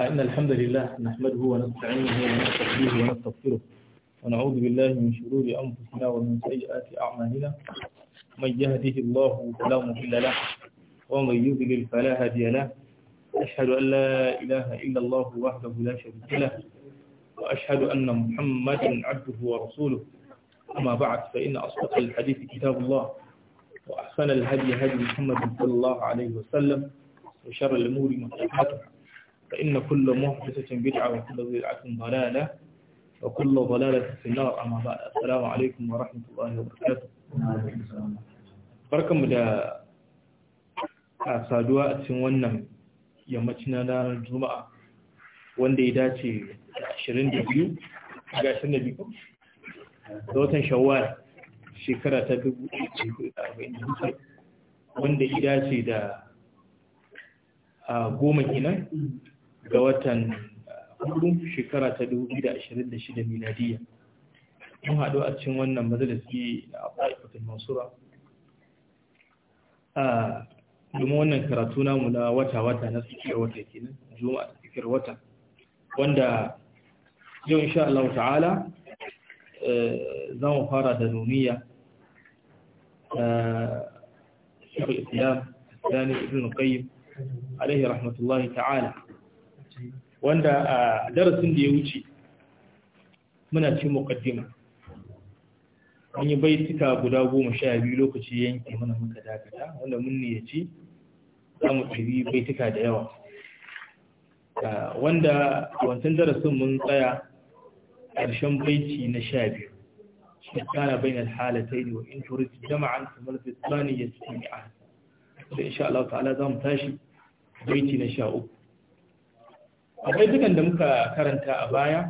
إن الحمد لله نحمده ونستعينه ونستغفره ونستغفره ونعوذ بالله من شرور أنفسنا ومن سيئات أعمالنا من يهده الله فلا مضل له ومن يضلل فلا هادي له أشهد أن لا إله إلا الله وحده لا شريك له وأشهد أن محمدا عبده ورسوله أما بعد فإن أصدق الحديث كتاب الله وأحسن الهدي هدي محمد صلى الله عليه وسلم وشر الأمور محدثاتها فإن كل محدثة بدعة وكل بدعة ضلالة وكل ضلالة في النار أما بعد السلام عليكم ورحمة الله وبركاته barkanmu da a saduwa a cikin wannan yammacin ranar juma'a wanda ya dace da 22 ga 22 da watan shawwal shekara ta wanda ya dace da a goma kenan ga watan uh, hudu shekara ta 2026 miladiya mun haɗu a cikin wannan majalisi na afirkatul mansura a uh, domin wannan karatu namu na wata-wata na tsakiyar wata kenan juma'a ta tsakiyar wata wanda yau insha Allah ta'ala uh, za mu fara da nuniya shekul islam islami ibn qayyim alaihi rahmatullahi ta'ala wanda a darasin da ya wuce muna ci mukaddima an yi baituka guda goma sha biyu lokaci yanke mana muka dakata wanda mun ne ya ci za mu tafi baituka da yawa wanda wancan darasin mun tsaya ƙarshen baiti na sha biyu shi kana na halatai ne wa in turid jama'an kamar fitani ya ci ne a da insha Allah ta'ala za mu tashi baiti na sha uku akwai dukan da muka karanta a baya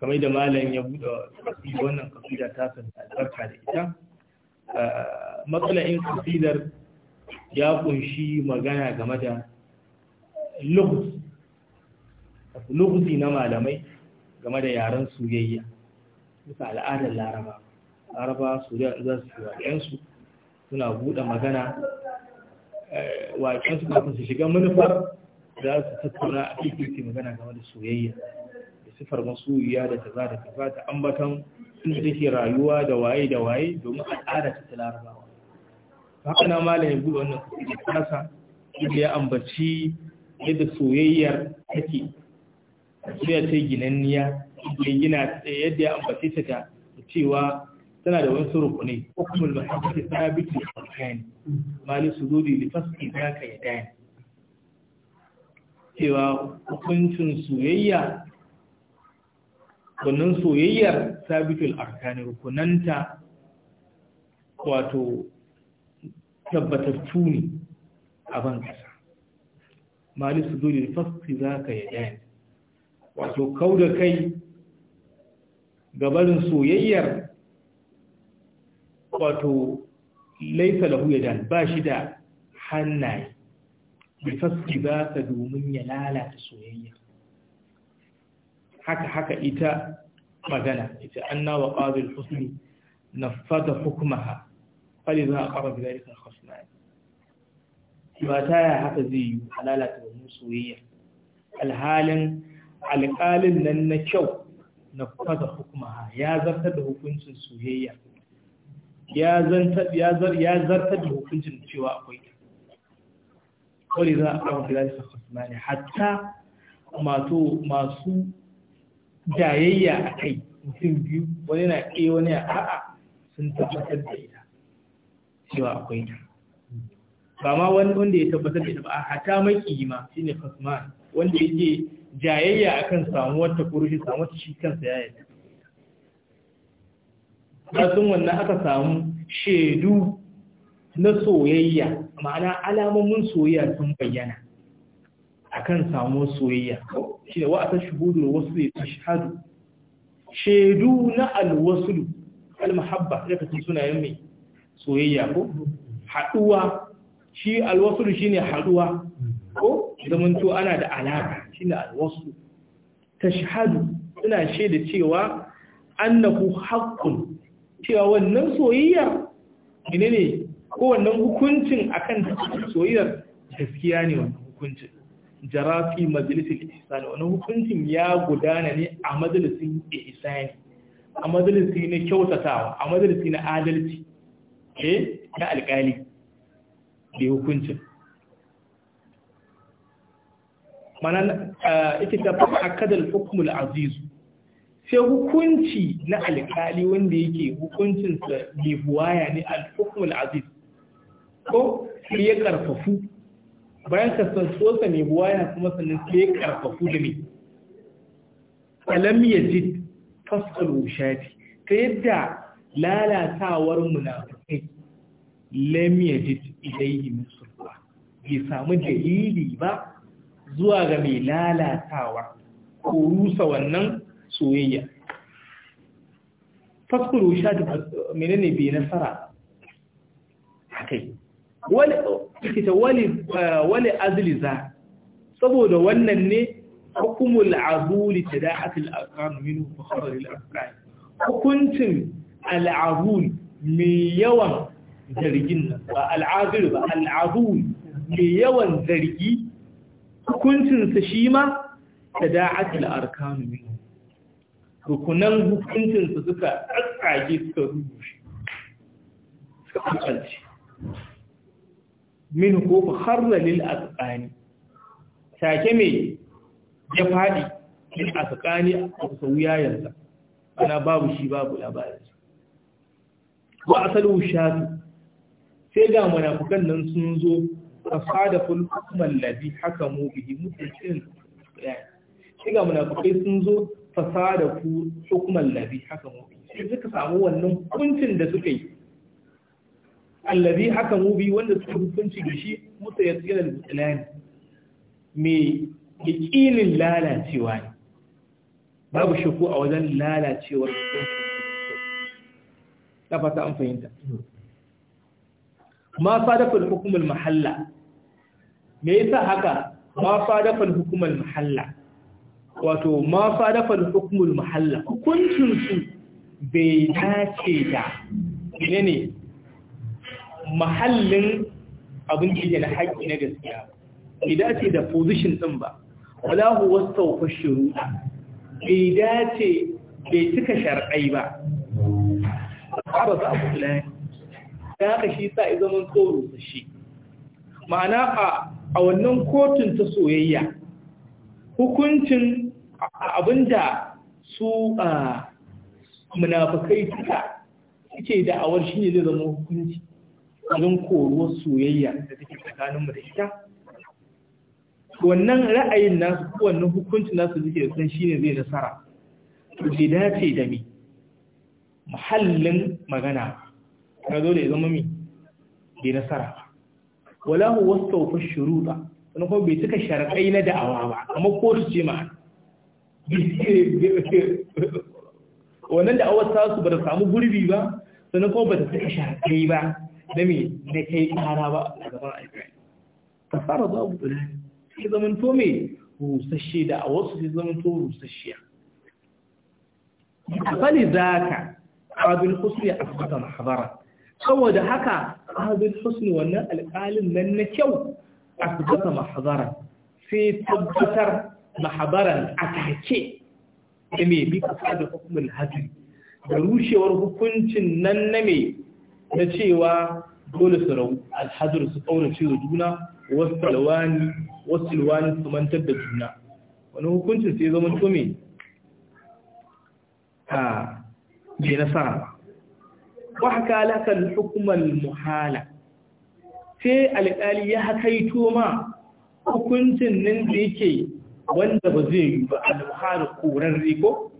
kamar da malam ya buɗe wannan kasida ta san albarka da ita matsala'in kafidar ya kunshi magana game da lukus na malamai game da yaren soyayya bisa al'adar laraba laraba su da za su waƙensu suna buɗe magana eh, waƙensu kafin su shiga manufar za su tattauna a cikin ke magana game da soyayya da sifar masoyiya da ta za da kaza da ambatan sun take rayuwa da waye da waye domin al'ada ta ta larabawa haka na malam ya buɗe wannan da kasa inda ya ambaci yadda soyayyar take soyayya ta ginanniya gina yadda ya ambace ta da cewa tana da wani suruku ne hukumul mahaifar ta bitin alkain mali su ke za ka ya dani cewa hukuncin soyayya wannan soyayyar sabitul arkani rukunanta wato tabbatattu ne a ban kasa mali su dole fasti za ka yi ɗaya wato kau da kai gabarin soyayyar wato laifalahu ya dan ba shi da hannaye bi faski ba ka domin ya lalata soyayya haka haka ita magana ita anna wa qadil husni nafada hukmaha faliza aqara bi dhalika al-khasman ba ta ya haka zai yi a lalata domin soyayya alhalin alƙalin nan na kyau na fada hukmaha ya zartar da hukuncin soyayya ya zartar da hukuncin cewa akwai kawai za a kawo filalis a ne hatta masu jayayya a kai mutum biyu wani na ɗaya wani a a'a sun tabbatar da ita cewa akwai ta ba ma wani wanda ya tabbatar da ita ba a hata maki ma shi ne fasman wanda yake jayayya a kan samuwar ta kurushi samuwar shi kansa ya yadda ba sun wannan aka samu shaidu na soyayya ma'ana alamomin soyayya sun bayyana akan samu soyayya shi da wa'ata shuhudu wasu ne ta shahadu shaidu na alwasulu almahabba da kace sunayen mai soyayya ko haduwa shi shi shine haduwa ko zamanto ana da alaka shine Ta tashhadu suna shaida cewa annahu haqqun cewa wannan soyayya menene kowannan hukuncin akan soyayyar gaskiya ne wannan hukuncin jarafi fi majalisul ihsani wannan hukuncin ya gudana ne a majalisin ihsan a majalisi na kyautatawa a majalisi na adalci eh na alƙali da hukuncin mana ita eh, ta fi akadar hukumul azizu sai hukunci na alƙali wanda yake hukuncinsa mai buwaya ne al-hukumul aziz ko sai ya karfafu bayan ka san ne mai buwaya kuma sannan sai ya karfafu da ni? alam ya ji faskar wushati ta yadda lalatawar munafukai lam ya ji idaihi musulwa bai samu dalili ba zuwa ga mai lalatawa ko rusa wannan soyayya fasal wushati menene bai nasara a kai wale eh, azliza saboda wannan ne hukumul azuli ta da'atul arkan minu fakharul arkan hukuncin al'azul mai yawan zargin nan ba al'azul ba al'azul mai yawan zargi sa shi ma ta da'atul arkan minu rukunan hukuncinsa suka tsage suka rubuce suka kwanci min ko fa harra lil asqani sake me ya fadi lil asqani a wuya yanzu ana babu shi babu labarin wa asalu Shafi, sai ga munafukan nan sun zo fasada ful hukman ladhi hakamu bihi mutakin sai ga munafukai sun zo fasada ful hukman ladhi hakamu bihi sai suka samu wannan hukuncin da suka yi allazi haka mu bi wanda suka hukunci da shi musa ya tsira al-butlan me yakinin lalacewa ne babu shakku a wajen lalacewar ta fata an fahimta ma fadafal hukumar mahalla me yasa haka ma fadafal hukumar mahalla wato ma fadafal hukumar mahalla hukuncin su bai dace da ne ne mahallin abin da na haƙƙi na gaskiya bai dace da position ɗin ba wala huwa sawfa shuruda bai dace bai cika shar'ai ba ba su abu ne ya haka shi sa izo mun tsoro shi ma'ana a wannan kotun ta soyayya hukuncin abinda su ah, munafukai suka suke da shi ne zai zama hukunci kokarin koruwar soyayya da take tsakaninmu da ita wannan ra'ayin nasu ko wannan hukuncin nasu suke da san shine zai nasara to bai dace da me muhallin magana ka zo da ya zama me bai nasara wala hu wastawfa shuruda wani kuma bai cika sharaɗai na da'awa ba amma su ce ma wannan da'awar su ba ta samu gurbi ba sannan kuma ba ta cika sharaɗai ba نبي نكي عرابة تفرض أبو بلان في ضمن فومي وستشي دعوص في ضمن طور وستشي فلذاك عبد الحسن أفضل محضرة هو ده حكا عبد الحسن وانا العالم من نكو أفضل محضرة في تبتر محضرة أكاكي نمي بيك أفضل حكم الهدي بروشي ورغفنش ننمي na cewa dole su rau alhazar su kaurace da juna wasu talwani wasu talwani su mantar da juna wani hukuncin sai zama tome a na sa ba haka alakar hukumar muhala sai Alƙali ya yi ma hukuncin nan da yake wanda ba zai yi ba almuhala koren riko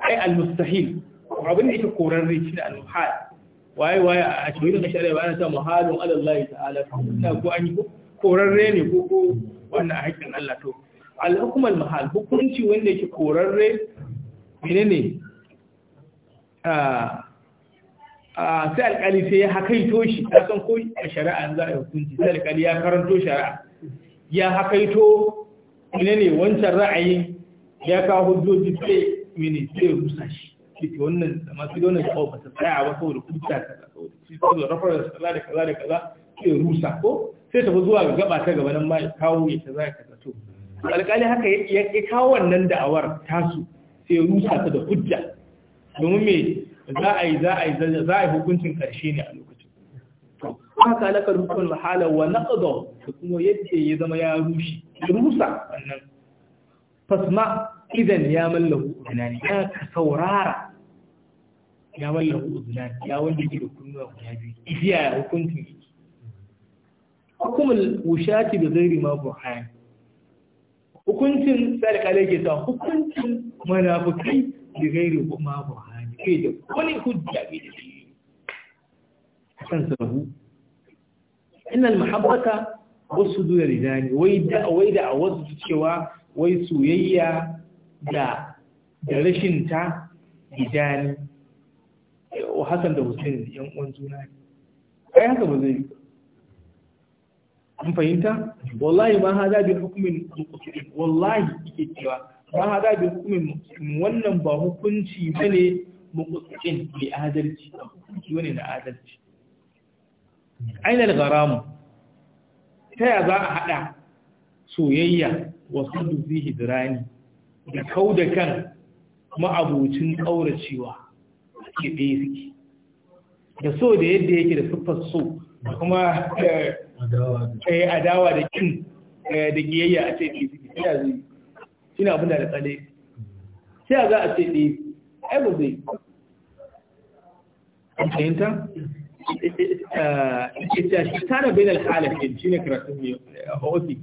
ai almustahil abin da yake koren riki shi ne waye waye a cikin da shari'a ana ta muhalun ala Allah ta'ala ta ko an yi ko korarre ne ko ko wannan hakkin Allah to al hukmul mahal hukunci wanda yake korarre menene a a sai alƙali sai ya hakaito shi a san ko a shari'a an za a hukunci sai alƙali ya karanto shari'a ya hakaito menene wancan ra'ayin ya kawo hujjoji sai menene sai rusa shi ce wannan da masu donar sha'o ba ta tsaya ba saboda kuta ta saboda shi saboda rafar da kaza da kaza da kaza ke rusa ko sai tafi zuwa ga gaba ta gaba nan ma ya kawo ya ta zai kaza to alkali haka ya kawo wannan da'awar tasu sai rusa ta da hujja domin me za a yi za a yi za a yi hukuncin ƙarshe ne a lokacin to haka na karfin mahala wa naqdu da kuma yadda ya zama ya rushe rusa wannan fasma idan ya mallahu uzunani ya ka saurara ya mallahu uzunani ya wanda ke da kunnuwa guda biyu igiya ya hukuncin yake hukumar wushati da zairi ma burhan hukuncin sai kale ke ta hukuncin munafikai da zairi ma burhan kai da wani hujja bai da shi kan sahu innal mahabbata wasu dole ridani wai wai da a wasu cewa wai soyayya da da rashin ta gidani Hassan da Hussein yan uwan juna ne ai haka ba zai yi an fahimta wallahi ma hada bi hukumin muqtasim wallahi yake cewa ma hada bi hukumin muqtasim wannan ba hukunci bane muqtasim bi adalci hukunci wani na adalci aina al-gharam ta ya za a hada soyayya wasu dubi hijrani da kau da kan ma'abucin ƙauracewa ake ɗaya suke da so da yadda yake da siffar so da kuma adawa da kin da giyayya a ce ɗaya suke ya zai shi na abin da da tsale sai a za a ce ɗaya ai ba zai an fahimta ita shi tana bayan alhalafin shi ne karatun mai a ofis